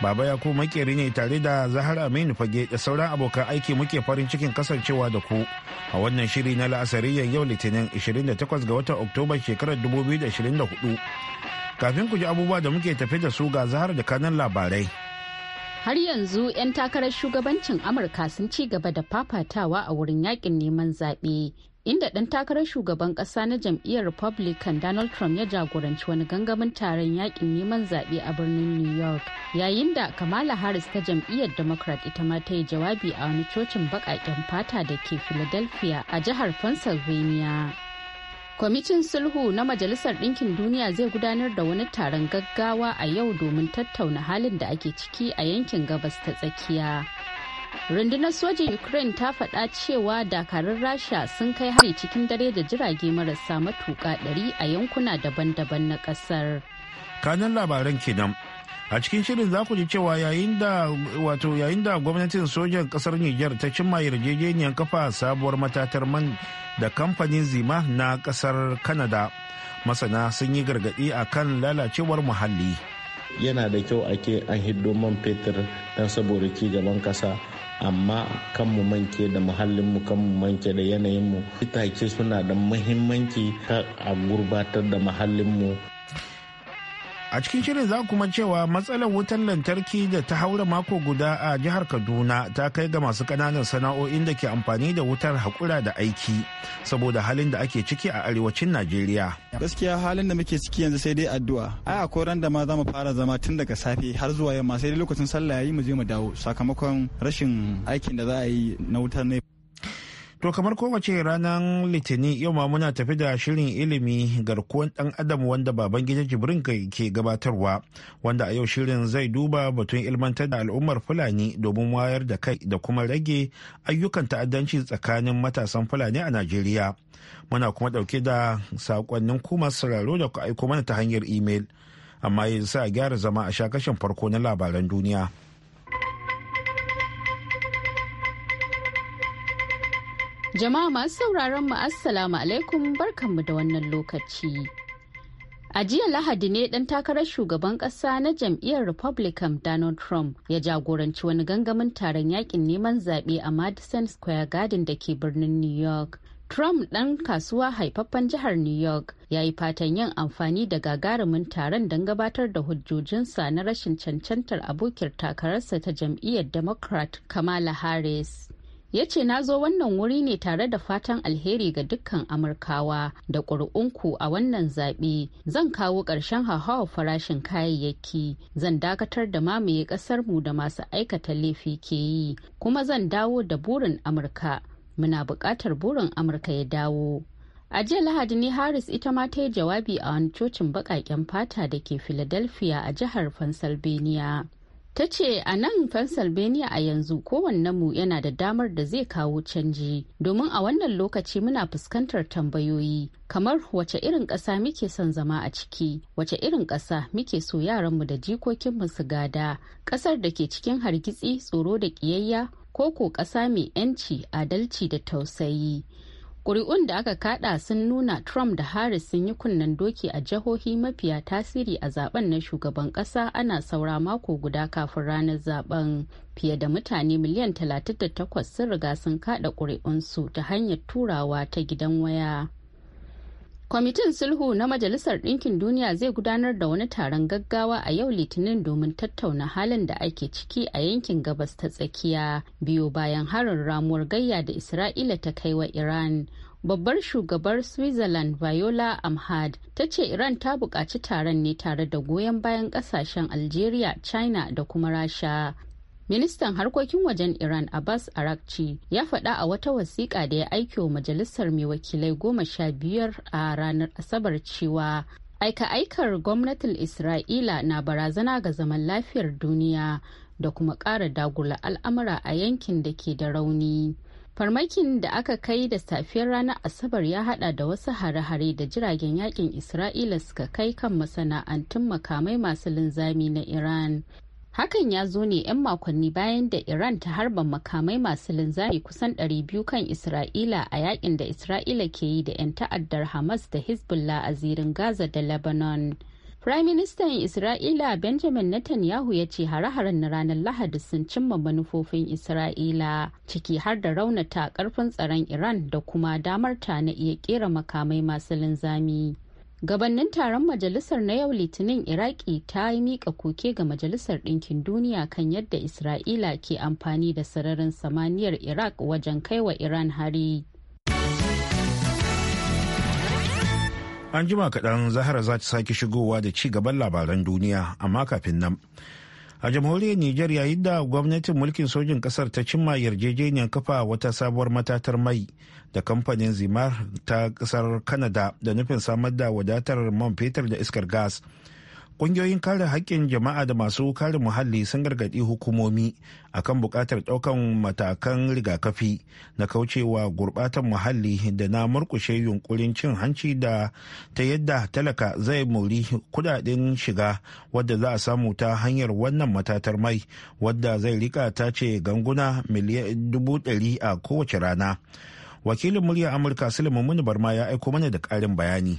Baba ya ku makeri ne tare da zahara Aminu Fage da sauran abokan aiki muke farin cikin kasancewa da ku a wannan shiri na la'asari yau Litinin 28 ga watan Oktoba shekarar 2024. Kafin ku ji abubuwa da muke tafi da su ga Zahar da kanan labarai. Har yanzu 'yan takarar shugabancin Amurka sun ci gaba da fafatawa a wurin yakin neman zaɓe inda ɗan takarar shugaban ƙasa na jam'iyyar republican donald trump ya jagoranci wani gangamin taron yakin neman zaɓe a birnin new york yayin da kamala harris ta jam'iyyar democrat ita ma ta yi jawabi a wani cocin baƙaƙen fata da ke philadelphia a jihar pennsylvania kwamitin sulhu na majalisar ɗinkin duniya zai gudanar da wani taron gaggawa a yau domin tattauna halin da ake ciki a yankin gabas ta tsakiya rundunar sojin ukraine ta faɗa cewa dakarun rasha sun kai hari cikin dare da jirage marasa matuƙa 100 a yankuna daban-daban na ƙasar kanan labaran kenan a cikin shirin za ku ji cewa yayin da gwamnatin sojan kasar Nijar ta cimma yarjejeniyar kafa sabuwar matatar man da kamfanin zima na kasar kanada masana sun yi gargaɗi a kan lalacewar muhalli yana da kyau ake an hiddo man fetur don saboda ci gaban ƙasa. amma kan mu manke da mu kan mu manke da yanayin yanayinmu itace suna da muhimmanci a gurbatar da mu. a cikin shirin za kuma cewa matsalar wutar lantarki da ta haura mako guda a jihar kaduna ta kai ga masu kananan sana'o'in da ke amfani da wutar hakura da aiki saboda halin da ake ciki a arewacin najeriya gaskiya halin da muke ciki yanzu sai dai addu'a ai a ran da ma za mu fara zama tun daga safe har zuwa yamma sai dai lokacin sallah yayi mu je mu dawo sakamakon rashin aikin da za a yi na wutar ne To kamar kowace ranar Litinin yau ma muna tafi da shirin ilimi garkuwan ɗan adam wanda baban gida Jibrin ke gabatarwa wanda a yau shirin zai duba batun ilmantar da al'ummar Fulani domin wayar da kai da kuma rage ayyukan ta'addanci tsakanin matasan Fulani a Najeriya. Muna kuma ɗauke da sakonnin kuma sauraro da ku aiko mana ta hanyar imel. Amma yanzu a gyara zama a shakashin farko na labaran duniya. Jama'a masu sauraron mu Assalamu alaikum barkanmu da wannan lokaci. A jiya Lahadi ne ɗan takarar shugaban ƙasa na jam'iyyar Republican Donald Trump ya jagoranci wani gangamin taron yakin neman zaɓe a Madison Square Garden da ke birnin New York. Trump ɗan kasuwa haifaffen jihar New York ya yi fatan yin amfani da gagarumin taron don gabatar da hujjojinsa na rashin cancantar abokiyar takararsa ta jam'iyyar Democrat Kamala Harris. ya ce na zo wannan wuri ne tare da fatan alheri ga dukkan amurkawa da ƙuri'unku a wannan zaɓe zan kawo ƙarshen hauhawar farashin kayayyaki zan dakatar da mamaye ƙasarmu da masu aikata laifi ke yi kuma zan dawo da burin amurka muna buƙatar burin amurka ya dawo a jiya lahadi ne harris ita ma ta yi jawabi a wani cocin baƙaƙen fata da ke philadelphia a jihar pennsylvania ta ce a nan pennsylvania a yanzu mu yana da damar da zai kawo canji domin a wannan lokaci muna fuskantar tambayoyi kamar wace irin ƙasa muke son zama a ciki wace irin ƙasa muke so yaranmu da jikokinmu su gada ƙasar da ke cikin hargitsi tsoro da ƙiyayya ko ko ƙasa mai 'yanci adalci da tausayi kuri'un da aka kada sun nuna trump da harris sun yi kunnen doki a jihohi mafiya tasiri a zaben na shugaban ƙasa ana saura mako guda kafin ranar zaben fiye da mutane miliyan 38 sun riga sun kada kuri'unsu ta hanyar turawa ta gidan waya kwamitin sulhu na majalisar ɗinkin duniya zai gudanar da wani taron gaggawa a yau litinin domin tattauna halin da ake ciki a yankin gabas ta tsakiya biyo bayan harin ramuwar gayya da isra'ila ta kai wa iran babbar shugabar switzerland viola amhad ta ce iran ta buƙaci taron ne tare da goyon bayan ƙasashen algeria china da kuma rasha Ministan harkokin wajen Iran Abbas Arakci ya faɗa a wata wasiƙa da ya aiki wa majalisar mai wakilai goma sha biyar a ranar Asabar cewa aika-aikar gwamnatin Isra'ila na barazana ga zaman lafiyar duniya da kuma ƙara dagula al'amura a yankin da ke da rauni. farmakin da aka kai da safiyar ranar asabar ya hada da wasu hare-hare da jiragen yakin isra'ila suka kai kan masana'antun makamai masu linzami na iran Hakan ya zo ne 'yan makonni bayan da Iran ta harba makamai masu linzami kusan 200 kan Isra'ila a yakin da Isra'ila ke yi da 'yan ta'addar Hamas da Hezbollah a zirin Gaza da Lebanon. Firaministan Isra'ila Benjamin Netanyahu ya ce hare-haren na ranar Lahadi sun cimma manufofin Isra'ila ciki har da raunata karfin tsaron Iran da kuma damarta na iya kera makamai masu linzami. gabannin taron majalisar na yau litinin iraki ta yi mika koke ga majalisar ɗinkin duniya kan yadda isra'ila ke amfani da sararin samaniyar iraq wajen kaiwa iran hari an jima kaɗan zahara za ta sake shigowa da ci gaban labaran duniya amma kafin nan a jamhuriyar niger yayin da gwamnatin mulkin sojin kasar ta cimma yarjejeniyar kafa wata sabuwar matatar mai da kamfanin zimar ta kasar canada da nufin samar da wadatar man fetur da iskar gas Ƙungiyoyin kare haƙƙin jama'a da masu kare muhalli sun gargaɗi hukumomi akan buƙatar ɗaukan matakan rigakafi na kaucewa gurɓatan muhalli da na murƙushe yunƙurin cin hanci da ta yadda talaka zai mori kudaden shiga wadda za a samu ta hanyar wannan matatar mai wadda zai rika ta ce ganguna miliyan dubu ɗari a kowace rana. Wakilin murya Amurka Sulaiman Muni Barma ya aiko mana da ƙarin bayani.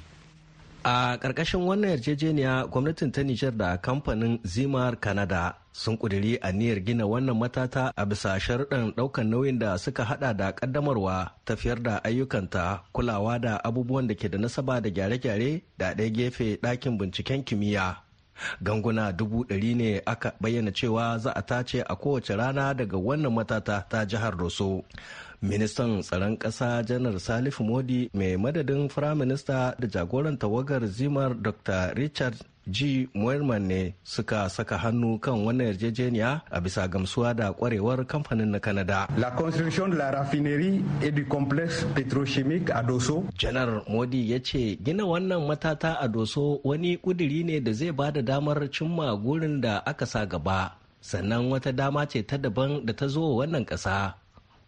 a ƙarƙashin wannan yarjejeniya gwamnatin ta nijar da kamfanin zimar canada sun ƙudiri aniyar gina wannan matata a bisa sharuɗan ɗaukar nauyin da suka hada da ƙaddamarwa tafiyar da ayyukanta kulawa da abubuwan da ke da nasaba da gyare-gyare da ɗaya gefe ɗakin binciken kimiyya ganguna dubu ɗari ne aka bayyana cewa za a tace a kowace rana daga wannan matata ta jihar roso ministan tsaron ƙasa janar salif modi mai madadin firaminista da jagoran tawagar zimar dr richard g moerman ne suka saka hannu kan wannan yarjejeniya a bisa gamsuwa da kwarewar kamfanin na Kanada. la construction de la raffinerie et du complexe petrochimique a doso janar modi ya ce gina wannan matata a doso wani kuduri ne da zai ba da damar cimma gurin da aka sa gaba sannan wata dama ce ta daban da ta zo wannan ƙasa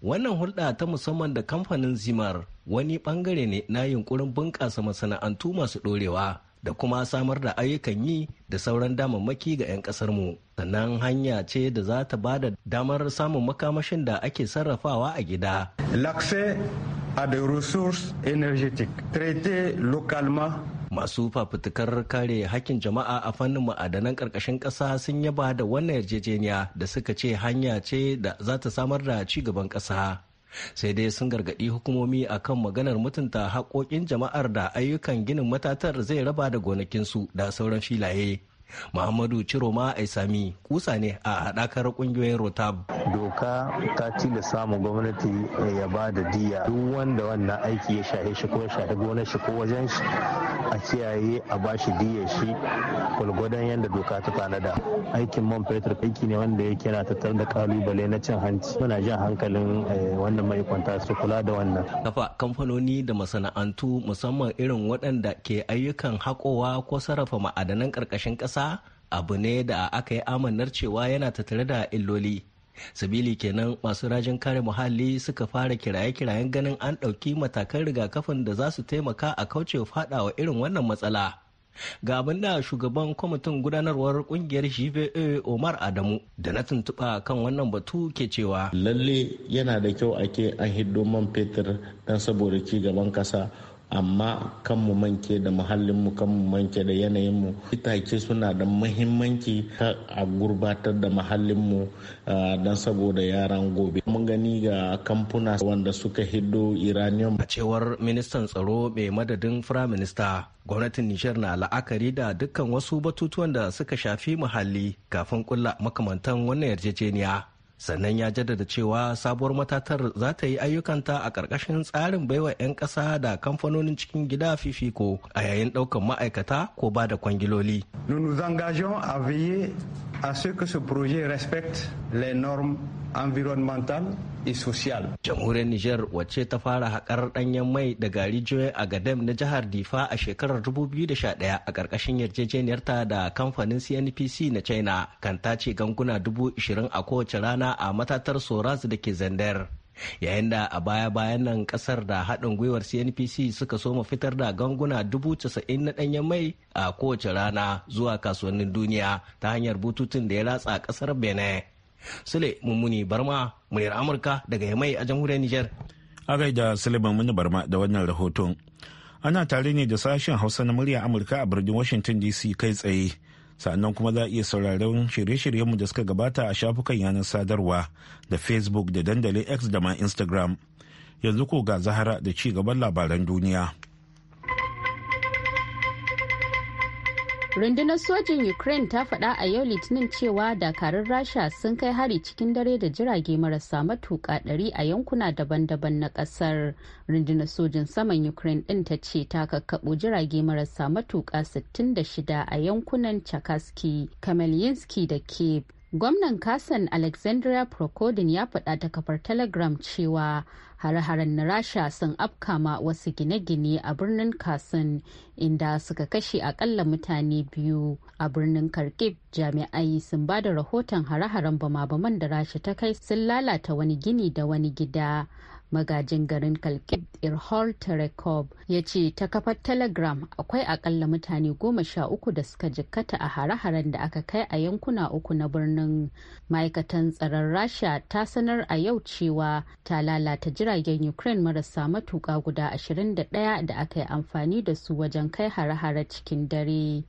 wannan hulɗa ta musamman da kamfanin zimar wani bangare ne na yunkurin bunƙasa masana'antu masu ɗorewa da kuma samar da ayyukan yi da sauran damammaki ga 'yan ƙasarmu sannan hanya ce da za ta ba da damar samun makamashin da ake sarrafawa a gida. L'accès à des ressources énergétiques traitées localement masu fafutukar kare hakkin jama'a a fannin ma'adanan ƙarƙashin ƙasa sun yaba da wannan yarjejeniya da suka ce hanya ce da za ta samar da ci gaban ƙasa sai dai sun gargaɗi hukumomi a kan maganar mutunta haƙoƙin jama'ar da ayyukan ginin matatar zai raba da gonakinsu da sauran filaye Muhammadu Ciroma Aisami kusa ne a haɗakar ƙungiyoyin Rotab. Doka ta tilasta samun gwamnati ya ba da diya duk wanda wannan aiki ya shahe shi ko ya shahe gonar shi ko wajen shi a kiyaye a ba shi diya shi gwalgwadon yadda doka ta tanada. Aikin man fetur aiki ne wanda yake na tattar da kalubale na cin hanci. Muna jan hankalin eh, wannan mai su kula da wannan. Kafa kamfanoni da masana'antu musamman irin waɗanda ke ayyukan haƙowa ko sarrafa ma'adanan ƙarƙashin ƙasa ƙasa abu ne da aka yi amannar cewa yana tattare da illoli sabili kenan masu rajin kare muhalli suka fara kiraye-kirayen ganin an ɗauki matakan rigakafin da za su taimaka a kauce faɗawa irin wannan matsala ga abin da shugaban kwamitin gudanarwar kungiyar gva omar adamu da na tuntuɓa kan wannan batu ke cewa lalle yana da kyau ake an hiddo man fetur don saboda ci gaban kasa amma kanmu manke da muhallinmu kanmu manke da yanayinmu itace suna da muhimmanci a gurbatar da muhallinmu don saboda yaran gobe mun gani ga kamfuna wanda suka hiddo iranium a cewar ministan tsaro mai madadin firaminista gwamnatin nishar na la'akari da dukkan wasu batutuwan da suka shafi muhalli kafin kulla makamantan wannan yarjejeniya sannan ya jaddada cewa sabuwar matatar za ta yi ayyukanta a ƙarƙashin tsarin baiwa 'yan ƙasa da kamfanonin cikin gida fifiko a yayin ɗaukar ma'aikata ko ba da kwangiloli. Nous engageons à veiller à ce que ce projet les normes environnementales et social. Jamhuriyar Nijar wacce ta fara haƙar ɗanyen mai da daga a Agadem na jihar Difa a shekarar 2011 a ƙarƙashin yarjejeniyarta da kamfanin CNPC na China kan tace ganguna 20,000 a kowace rana a matatar Soras da ke Zandar. yayin da a baya-bayan nan kasar da haɗin gwiwar cnpc suka soma fitar da ganguna dubu casa'in na ɗanyen mai a kowace rana zuwa kasuwannin duniya ta hanyar bututun da ya ratsa ƙasar benin Sule Mummuni Barma, muryar Amurka daga Yamai a jamhuriyar Nijar. A da Sule Mummuni Barma da wannan rahoton. Ana tare ne da sashen Hausa na muryar Amurka a birnin Washington DC kai tsaye. Sannan kuma za a iya sauraron shirye-shiryenmu da suka gabata a shafukan yanar sadarwa da Facebook da dandalin X da ma Instagram. Yanzu ko ga Zahara da ci gaban labaran duniya. rundunar sojin ukraine ta faɗa a yau litinin cewa dakarun rasha sun kai hari cikin dare da jirage marasa matuƙa ɗari a yankuna daban-daban na ƙasar rundunar sojin saman ukraine ɗin ta ce ta kakkaɓo jirage marasa matuƙa 66 a yankunan chakaski kamelinski da kiev Gwamnan Kasan Alexandria Prokodin ya faɗa ta kafar Telegram cewa hare-haren na Rasha sun afkama wasu gine-gine a birnin Kasan inda suka kashe akalla mutane biyu a birnin Kharkiv jami'ai sun ba da rahoton hare-haren bama-baman da Rasha ta kai sun lalata wani gini da wani gida magajin garin kalkit irhol terekob ya ce ta kafar telegram akwai akalla mutane goma sha uku da suka jikkata a hare-haren da aka kai a yankuna uku na birnin ma'aikatan tsaron rasha ta sanar a yau cewa ta lalata jiragen ukraine marasa matuka guda 21 da aka yi amfani da su wajen kai hare-hare cikin dare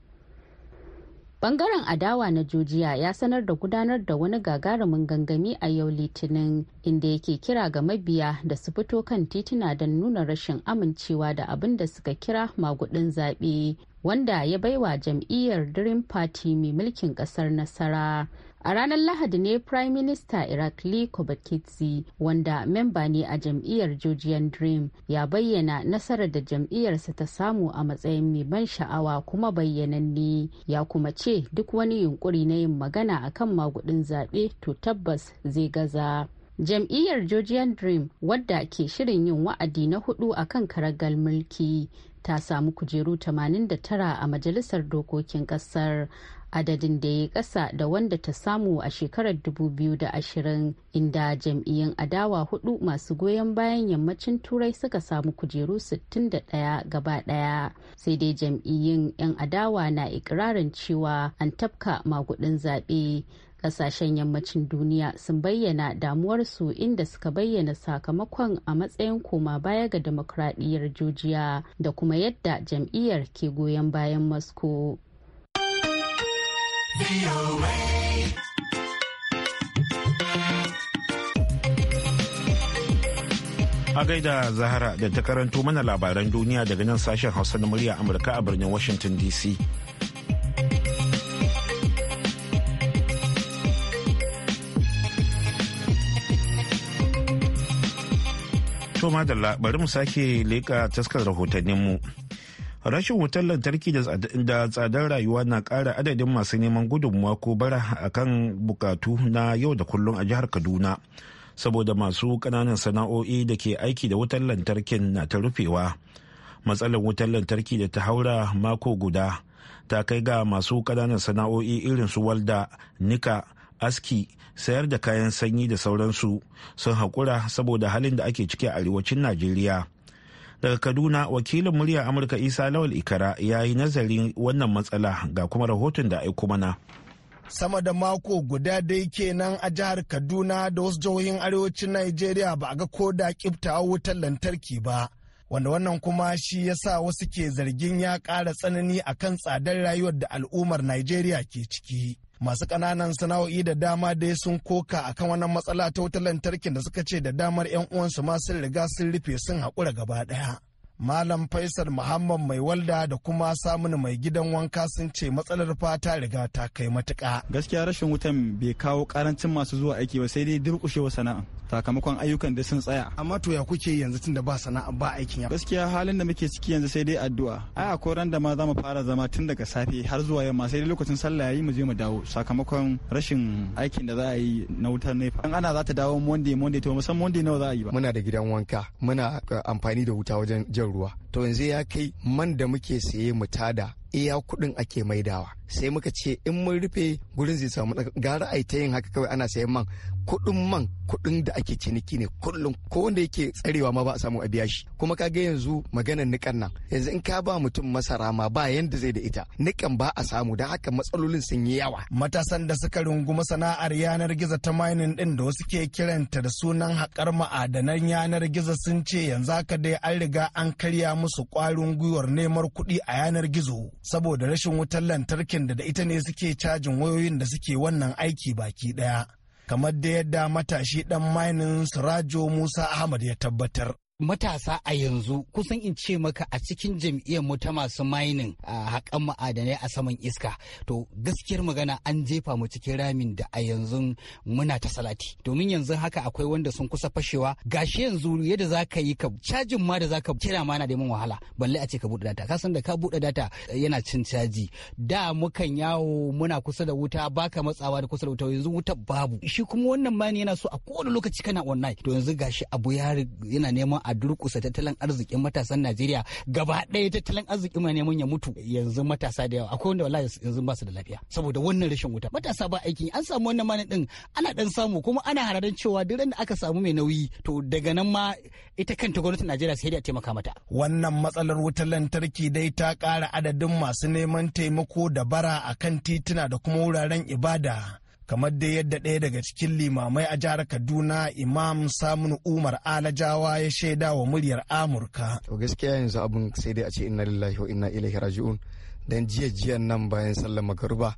Bangaren adawa na Jojiya ya sanar da gudanar da wani gagarumin gangami a yau Litinin inda yake kira ga mabiya da su fito kan tituna don nuna rashin amincewa da abin da suka kira magudin zaɓe wanda ya baiwa jam'iyyar Dream Party mai mulkin ƙasar nasara. a ranar lahadi ne prime minister irakli Kobakitsi, wanda memba ne a jam'iyyar georgian dream ya bayyana nasarar da jam'iyyarsa ta samu a matsayin mai ban sha'awa kuma bayyananne ya kuma ce duk wani yunkuri na yin magana a kan magudin zaɓe to tabbas zai gaza jam'iyyar georgian dream wadda ke shirin yin wa'adi na hudu a kan karagal mulki ta samu kujeru 89 a majalisar dokokin ƙasar. adadin da ya kasa da wanda ta samu a shekarar 2020 inda jam'iyyun adawa hudu masu goyon bayan yammacin turai suka samu kujeru 61 gaba daya sai dai jam'iyyun 'yan adawa na ikirarin cewa an tafka magudin zaɓe kasashen yammacin duniya sun bayyana damuwarsu inda suka bayyana sakamakon a matsayin koma baya ga demokradiyyar jojiya da kuma yadda jam'iyyar ke goyon bayan moscow A gaida Zahara da ta karanto mana labaran duniya daga nan sashen Hausa na murya Amurka a birnin Washington DC. toma da bari mu sake leƙa taskar rahotanninmu. mu. rashin wutar lantarki da tsadar rayuwa na ƙara adadin masu neman gudunmuwa ko bara a kan bukatu na yau da kullum a jihar kaduna saboda masu ƙananan sana'o'i da ke aiki da wutar lantarkin na ta rufewa matsalar wutar lantarki da ta haura mako guda ta kai ga masu ƙananan sana'o'i irin su walda nika aski sayar da kayan sanyi da sauransu sun haƙura saboda halin da ake ciki a arewacin najeriya Daga Kaduna wakilin murya Amurka Isa Lawal Ikara ya yi nazarin wannan matsala ga kuma rahoton da aiko mana. sama da mako guda dai kenan a jihar kaduna da wasu jihohin arewacin nigeria ba a ga ko da kifta wutar lantarki ba wanda wannan kuma shi ya sa wasu ke zargin ya ƙara tsanani akan tsadar rayuwar da al'ummar nigeria ke ciki masu ƙananan sana'o'i da dama dai sun koka a kan wannan matsala ta wutar lantarki da suka ce da damar 'yan uwansu ma sun riga sun rufe sun haƙura gaba ɗaya. Malam Faisal Muhammad mai walda da kuma samun mai gidan wanka sun ce matsalar fata riga ta kai matuƙa. Gaskiya rashin wutan bai kawo karancin masu zuwa aiki ba sai dai wa sana'a sakamakon ayyukan da sun tsaya. Amma to ya kuke yanzu tun da ba sana'a ba aikin ya. Gaskiya halin da muke ciki yanzu sai dai addu'a. Ai a ran da ma za mu fara zama tun daga safe har zuwa yamma sai dai lokacin sallah yayi mu je mu dawo sakamakon rashin aikin da za a yi na wutar nefa. An ana za ta dawo Monday Monday to musamman Monday nawa za a yi ba. Muna da gidan wanka muna eh, amfani da wuta wajen jan ruwa to yanzu ya kai man da muke saye mu tada iya kuɗin ake maidawa sai muka ce in mun rufe gurin zai samu gara a ta yin haka kawai ana sayan man kuɗin man kuɗin da ake ciniki ne kullum ko wanda yake tsarewa ma ba a samu a biya shi kuma ka ga yanzu maganar nikan nan yanzu in ka ba mutum masara ma ba yanda zai da ita nikan ba a samu da haka matsalolin sun yi yawa matasan da suka runguma sana'ar yanar gizo ta mining din da wasu ke kiranta da sunan haƙar ma'adanan yanar gizo sun ce yanzu haka dai an riga an karya musu kwarin gwiwar neman kuɗi a yanar gizo saboda rashin wutar lantarkin da ita ne suke cajin wayoyin da suke wannan aiki baki ɗaya kamar da yadda matashi ɗan mainin Sirajo Musa Ahmad ya tabbatar. matasa a yanzu kusan in ce maka a cikin jam'iyyar mu ta masu mining a haƙan ma'adanai a saman iska to gaskiyar magana an jefa mu cikin ramin da a yanzu muna ta salati domin yanzu haka akwai wanda sun kusa fashewa gashi yanzu yadda za ka yi ka cajin ma da za ka kira ma na da wahala balle a ce ka buɗe data kasan da ka buɗe data yana cin caji da mukan yawo muna kusa da wuta baka matsawa da kusa da wuta yanzu wuta babu shi kuma wannan mani yana so a kowane lokaci kana online to yanzu gashi abu ya yana neman a a durkusa tattalin arzikin matasan Najeriya gaba ɗaya tattalin arzikin ma neman ya mutu yanzu matasa da yawa akwai wanda wallahi yanzu ba su da lafiya saboda wannan rashin wuta matasa ba aiki an samu wannan mani din ana dan samu kuma ana hararin cewa duk da aka samu mai nauyi to daga nan ma ita kanta gwamnatin Najeriya sai da taimaka mata wannan matsalar wutar lantarki dai ta kara adadin masu neman taimako da bara akan tituna da kuma wuraren ibada kamar dai yadda ɗaya daga cikin limamai a jihar kaduna imam samun umar alajawa ya shaida wa muryar amurka to gaskiya yanzu abun sai dai a ce inna lillahi wa inna ilaihi raji'un dan jiya jiyan nan bayan sallar magruba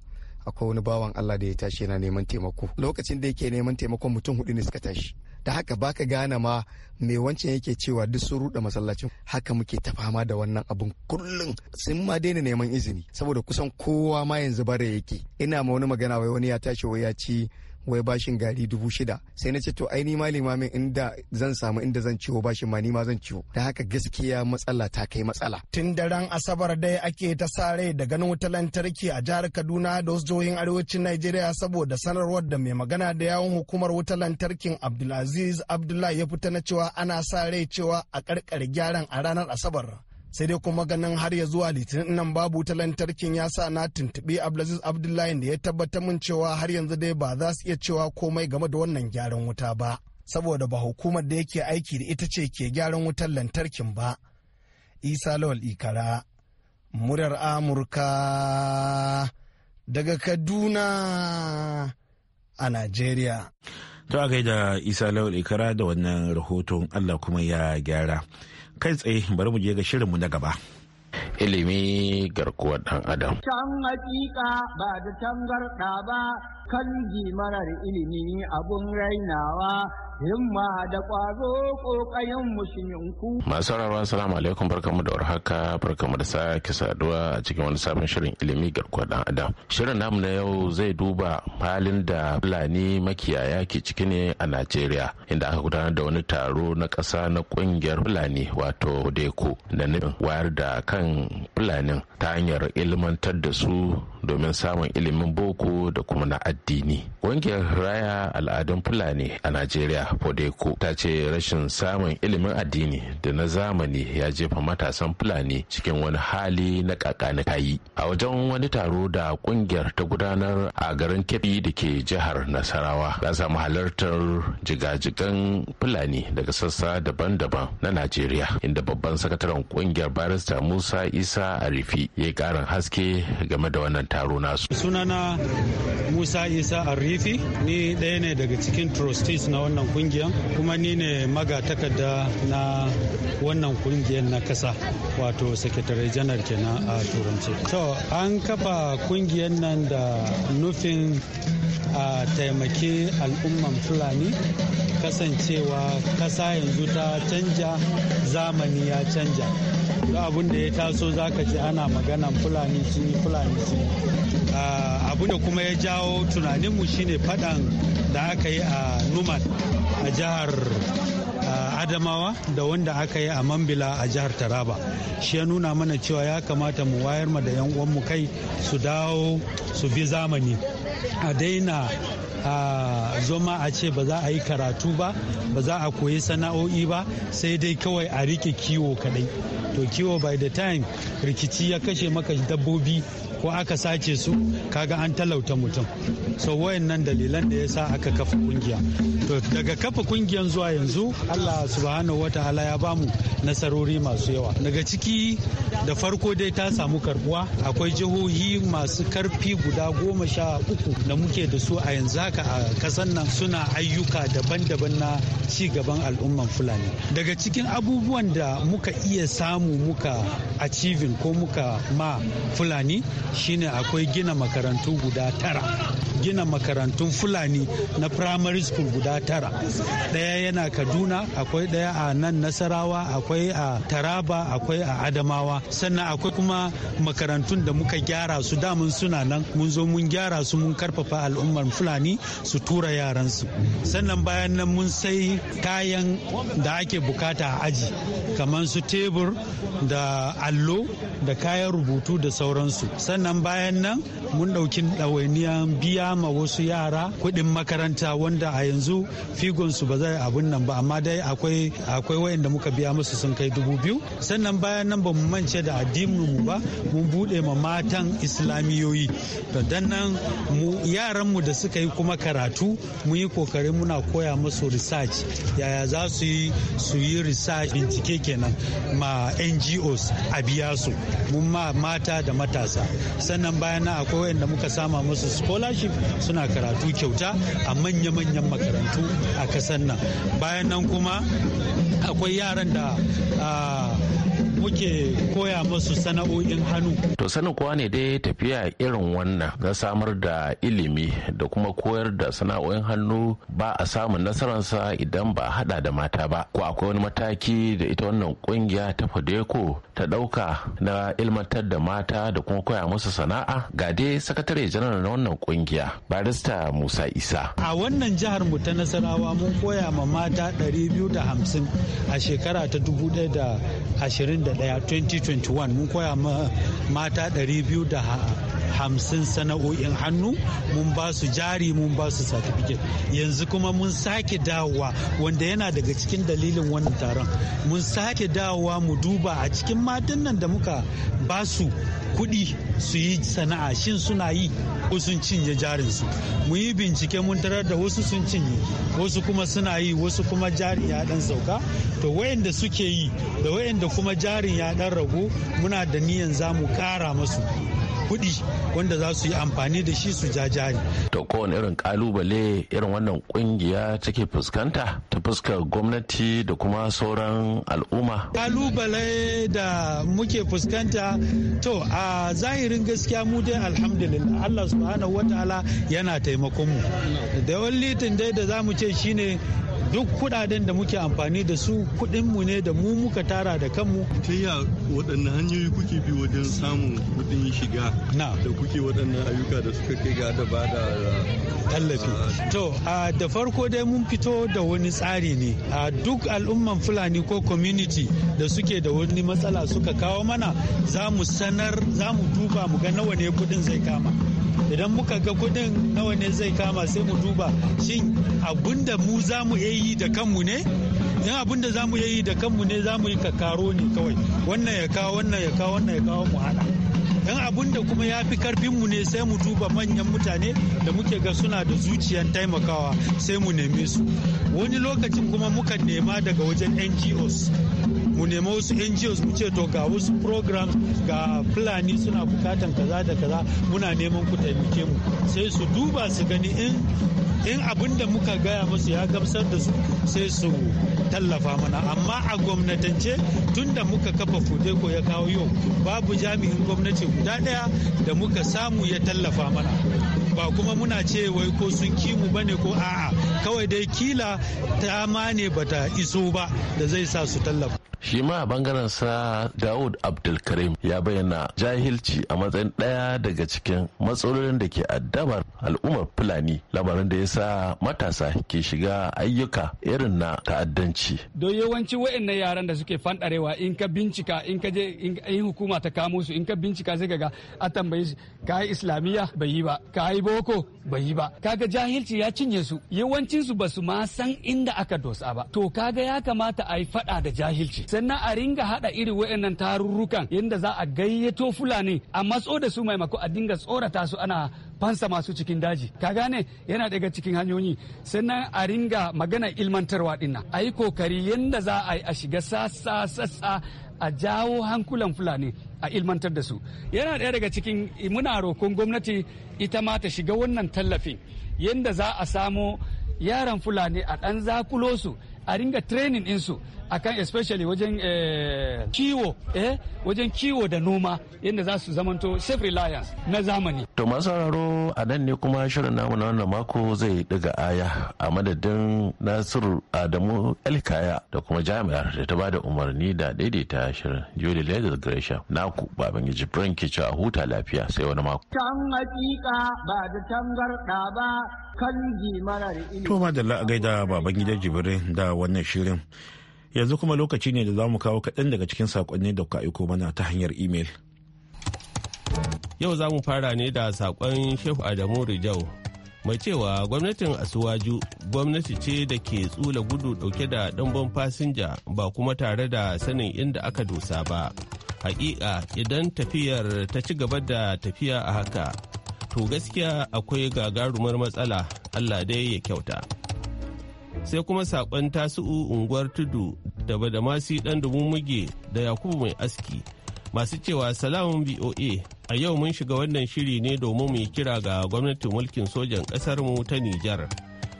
akwai wani bawan allah da ya tashi yana neman taimako lokacin da yake neman taimakon mutum hudu ne suka tashi da haka baka gane ma mai wancan yake cewa duk sun ruɗe masallacin haka muke ta fama da wannan abun kullum sun ma daina neman izini saboda kusan kowa ma yanzu bare yake ina ma wani magana wai wani ya tashi wai ya ci wai bashin gari dubu shida sai na ce to ai nima limamin inda zan samu inda zan ciwo bashin ma nima zan ciwo da haka gaskiya matsala ta kai matsala tun daren asabar dai ake ta sa rai da ganin wuta lantarki a jihar kaduna da wasu jihohin arewacin najeriya saboda sanarwar da mai magana da yawon hukumar wuta lantarkin abdulaziz abdullahi ya fita na cewa ana sa rai cewa a karkare gyaran a ranar asabar sai dai kuma ganin har ya zuwa litinin nan babu wutar lantarkin ya sa na tuntuɓi abdulaziz abdullahi da ya tabbatar min cewa har yanzu dai ba za su iya cewa komai game da wannan gyaran wuta ba saboda ba hukumar da yake aiki da ita ce ke gyaran wutar lantarkin ba isa lawal ikara murar amurka daga kaduna a najeriya To a da Isa Lawal Ikara da wannan rahoton Allah kuma ya gyara. Kai tsaye bari mu je ga shirinmu na gaba. Ilimi garkuwar ɗan Adam. Can hakika ba da tangarɗa ba kan marar ilimi abun rainawa himma da ƙwazo ƙoƙayen mushiminku. Masu sauraro assalamu alaikum barkamu da warhaka barkamu da sake saduwa a cikin wani sabon shirin ilimi garkuwa dan adam. Shirin namu na yau zai duba halin da Fulani makiyaya ke ciki ne a Najeriya inda aka gudanar da wani taro na ƙasa na ƙungiyar Fulani wato Deko da nufin wayar da kan Fulanin ta hanyar ilmantar da su domin samun ilimin boko da kuma na addini ƙungiyar raya al'adun fulani a najeriya fodeko ta ce rashin samun ilimin addini da na zamani ya jefa matasan fulani cikin wani hali na kakani kayi a wajen wani taro da ƙungiyar ta gudanar a garin kebbi da ke jihar nasarawa za samu halartar jigajigan fulani daga sassa daban-daban na najeriya inda babban sakataren ƙungiyar barista musa isa arifi ya yi ƙarin haske game da wannan taro nasu sunana musa isa arifi ni ɗaya ne daga cikin trustees na wannan kungiyar kuma ni ne magatakarda na wannan kungiyar na kasa wato secretary janar kenan a turance to an kafa kungiyar nan da nufin a taimaki al'umman fulani kasancewa kasa yanzu ta canja zamani ya canja abun da ya taso zaka je ji ana magana fulani sun yi fulani sun ah, abun da kuma ya jawo tunaninmu shine fadan da aka yi a numan a jihar ah, adamawa da wanda aka yi a mambila a jihar taraba shi ya nuna mana cewa ya kamata mu wayar ma da 'yan uwanmu kai su dawo su bi zamani a daina a zoma a ce ba za a yi karatu ba ba za a koyi sana'o'i ba sai dai kawai a rike kiwo kadai to kiwo by the time rikici ya kashe maka dabbobi ko aka sace su kaga an talauta mutum so wayannan dalilan da ya sa aka kafa kungiya to daga kafa kungiyan zuwa yanzu Allah subhanahu wataala ya bamu nasarori masu yawa daga ciki da farko dai ta samu karbuwa akwai jihohi masu karfi guda goma sha uku da muke da su a yanzu haka a kasan nan suna ayyuka daban-daban na ci gaban al'umman fulani daga cikin abubuwan da muka iya samu muka achieving ko muka ma fulani shine akwai gina makarantu guda tara gina makarantun fulani na primary school guda tara ɗaya yana kaduna akwai ɗaya a nan nasarawa akwai a taraba akwai a adamawa sannan akwai kuma makarantun da muka gyara su damun suna nan mun zo mun gyara su mun karfafa al'ummar fulani su tura yaransu sannan bayan nan mun sai kayan da ake bukata a aji kamar su tebur da allo da kayan rubutu da sauransu sannan sannan bayan nan mun ɗauki ɗawainiyan biya ma wasu yara kuɗin makaranta wanda a yanzu figonsu ba zai abun nan ba amma dai akwai akwai wayanda muka biya musu sun kai dubu biyu sannan bayan nan ba mu mance da addinin mu ba mun buɗe ma matan islamiyoyi to dan nan mu yaran mu da suka yi kuma karatu mun yi kokari muna koya musu research yaya za su yi su yi research bincike kenan ma NGOs a biya su mun ma mata da matasa sannan bayan na akwai wanda muka sama musu scholarship suna karatu kyauta a manya-manyan makarantu a kasan nan bayan nan kuma akwai yaran da ah, muke koya musu sana'o'in hannu. To sanin kuwa ne dai tafiya irin wannan na samar da ilimi da kuma koyar da sana'o'in hannu ba a samun nasararsa idan ba hada da mata ba. Ko akwai wani mataki da ita wannan kungiya ta Fadeko ta dauka na ilmantar da mata da kuma koya musu sana'a ga dai sakatare janar na wannan kungiya barista Musa Isa. A wannan jihar mu ta Nasarawa mun koya ma mata 250 a shekara ta da 2021 mun koya ma mata 250 sana'o'in hannu mun ba su jari mun ba su certificate yanzu kuma mun sake dawowa wanda yana daga cikin dalilin wannan taron mun sake dawowa mu duba a cikin matan nan da muka ba su kuɗi su yi sana'a shin suna yi ko sun cinye jarinsu mu yi bincike mun tarar da wasu sun cinye wasu kuma suna yi wasu kuma jari ya dan sauka to wayanda suke yi da wayanda kuma jari jarin ya dan ragu muna da niyan za mu ƙara masu kuɗi wanda za su yi amfani da shi su ja jari. To kowane irin kalubale irin wannan kungiya take fuskanta ta fuskar gwamnati da kuma sauran al'umma. Kalubale da muke fuskanta to a zahirin gaskiya mu dai alhamdulillah Allah subhanahu wataala yana taimakon mu. Da wani litin dai da zamu mu ce shine duk kudaden da muke amfani da su mu ne da mu muka tara da kanmu. Ta ya waɗanne hanyoyi kuke bi wajen samun kudin shiga da kuke waɗannan ayyuka da suka kai ga da bada uh, tallafi uh, to uh, da farko dai mun fito da wani tsari ne a duk al'umman fulani ko community da suke da wani matsala suka kawo mana za mu sanar za mu duba mu ga nawa ne kuɗin zai kama idan muka ga kudin nawa ne zai kama sai mu duba shin abun da mu za mu yi da kanmu ne in abun da za mu yi da kanmu ne za mu yi kakaro ne kawai wannan ya kawo wannan ya kawo wannan ya kawo mu hada don abun da kuma ya fi karfinmu ne sai mu duba manyan mutane da muke ga suna da zuciyar taimakawa sai mu neme su wani lokacin kuma muka nema daga wajen ngos mu nema wasu ngos mu ce to ga wasu programs ga fulani suna bukatan kaza da kaza muna neman ku taimake mu sai su duba su gani in in abin da muka gaya musu ya gamsar da su sai su tallafa mana amma a gwamnatance tun da muka kafa ko ya kawo yau babu jami'in gwamnati guda daya da muka samu ya tallafa mana ba kuma muna ce wai ko sun kimu ba ne ko a'a kawai dai kila ta ma ne bata iso ba da zai sa su tallafa shi ma a bangaren sa Dawud Abdulkarim ya bayyana jahilci a matsayin daya daga cikin matsalolin da ke addabar al'ummar Fulani labarin da ya sa matasa ke shiga ayyuka irin na ta'addanci. Don yawanci wa'annan yaran da suke fanɗarewa in ka bincika in ka je in hukuma ta kamo su in ka bincika sai ga a tambayi ka yi islamiyya bai yi ba ka yi boko bai yi ba kaga jahilci ya cinye su yawancin su basu ma san inda aka dosa ba to kaga ya kamata a yi fada da jahilci sannan a ringa hada irin wayannan tarurrukan yanda za a gayyato fulani a matso da su maimako a dinga tsorata su ana fansa masu cikin daji ka gane yana daga cikin hanyoyi sannan a ringa magana ilmantarwa dinnan a yi kokari yanda za a yi a shiga sassa sassa a jawo hankulan fulani a ilmantar da su yana ɗaya daga cikin muna rokon gwamnati ita ma ta shiga wannan tallafi yadda za a samo yaran fulani a ɗan zakulo su a ringa training ɗinsu akan especially wajen eh, kiwo eh wajen kiwo da noma yadda za su zamanto self reliance na zamani to masu sauraro a nan ne kuma shirin namu na wannan mako zai ɗiga aya a madadin nasiru adamu elkaya da kuma jami'ar da ta bada umarni da daidaita shirin jodi lagos gresham naku baban jibrin ke a huta lafiya sai wani mako can hakika ba da tangarda ba kan ji ilimi to madalla a gaida baban gidan jibrin da wannan shirin yanzu kuma lokaci ne da za mu kawo kaɗan daga cikin saƙonni da kuka aiko mana ta hanyar imel. Yau za mu fara ne da saƙon Shehu Adamu Rijau mai cewa gwamnatin Asuwaju gwamnati ce da ke tsula gudu ɗauke da ɗanban fasinja ba kuma tare da sanin inda aka dosa ba. Hakika idan tafiyar ta ci gaba da tafiya a haka, to gaskiya akwai gagarumar matsala Allah dai ya kyauta. sai kuma sakon tasu'u unguwar tudu da badamasi dan dubu muge da yakubu mai aski masu cewa salamun boa a yau mun shiga wannan shiri ne domin mu yi kira ga gwamnatin mulkin sojan ƙasar mu ta nijar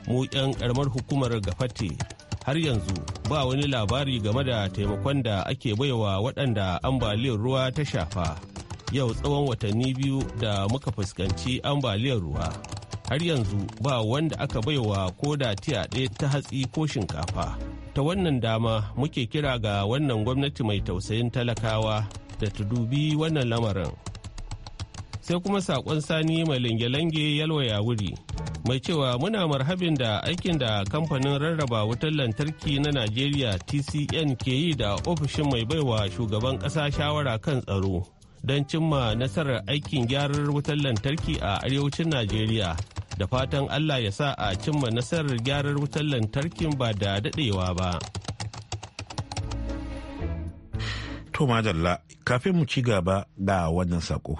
mu 'yan karamar hukumar gafate har yanzu ba wani labari game da taimakon da ake baiwa waɗanda ambaliyar ruwa ta shafa yau tsawon watanni biyu da muka fuskanci ambaliyar ruwa har yanzu ba wanda aka baiwa ko da tiya ɗaya ta hatsi ko shinkafa ta wannan dama muke kira ga wannan gwamnati mai tausayin talakawa da ta dubi wannan lamarin sai kuma Saƙon sani mai lange-lange yalwaya wuri mai cewa muna marhabin da aikin da kamfanin rarraba wutar lantarki na najeriya tcn ke yi da ofishin mai baiwa shugaban ƙasa shawara kan tsaro don cimma nasarar aikin gyarar wutar lantarki a arewacin najeriya da fatan Allah ya sa a cimma nasarar gyarar wutar lantarkin ba da daɗewa ba. To madalla kafin mu ci gaba da wannan sako.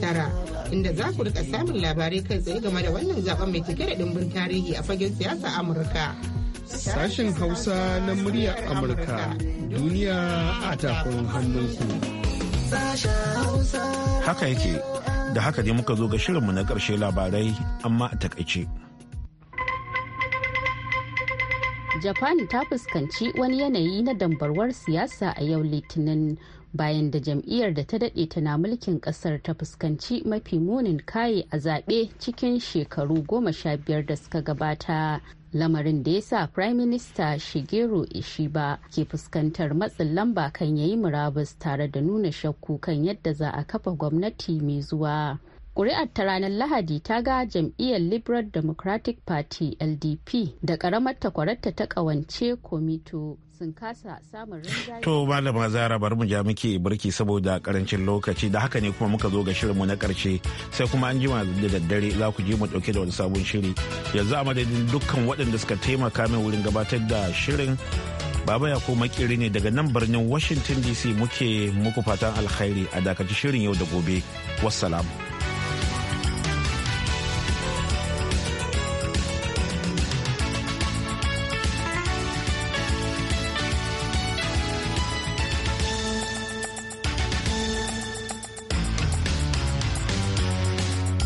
tara inda za ku rika samun labarai kai tsaye game da wannan zaben mai cike da dimbin tarihi a fagen siyasa Amurka. Sashen Hausa na murya Amurka duniya a takon hannunku. Haka yake, da haka dai muka zo ga shirinmu na ƙarshe labarai amma a takaice. Japan ta fuskanci wani yanayi na dambarwar siyasa a yau Litinin bayan da jam'iyyar da ta daɗe tana mulkin ƙasar ta fuskanci mafi munin kayi a zaɓe cikin shekaru goma sha biyar da suka gabata lamarin da ya sa prime minister shigeru ishiba ke fuskantar matsin lamba kan yayi murabus tare da nuna shakku kan yadda za a kafa gwamnati mai zuwa ƙuri'ar ta ranar lahadi ta ga jam'iyyar liberal democratic party ldp da ƙaramar takwararta ta ƙawance komito sun kasa samun To malama zara bari mu ja muke birki saboda karancin lokaci da haka ne kuma muka zo ga shirinmu na karshe sai kuma an jima da daddare za ku ji mu dauke da wani sabon shiri yanzu a madadin dukkan waɗanda suka taimaka min wurin gabatar da shirin Baba ya ko makiri ne daga nan birnin Washington DC muke muku fatan alkhairi a dakaci shirin yau da gobe. Wassalamu.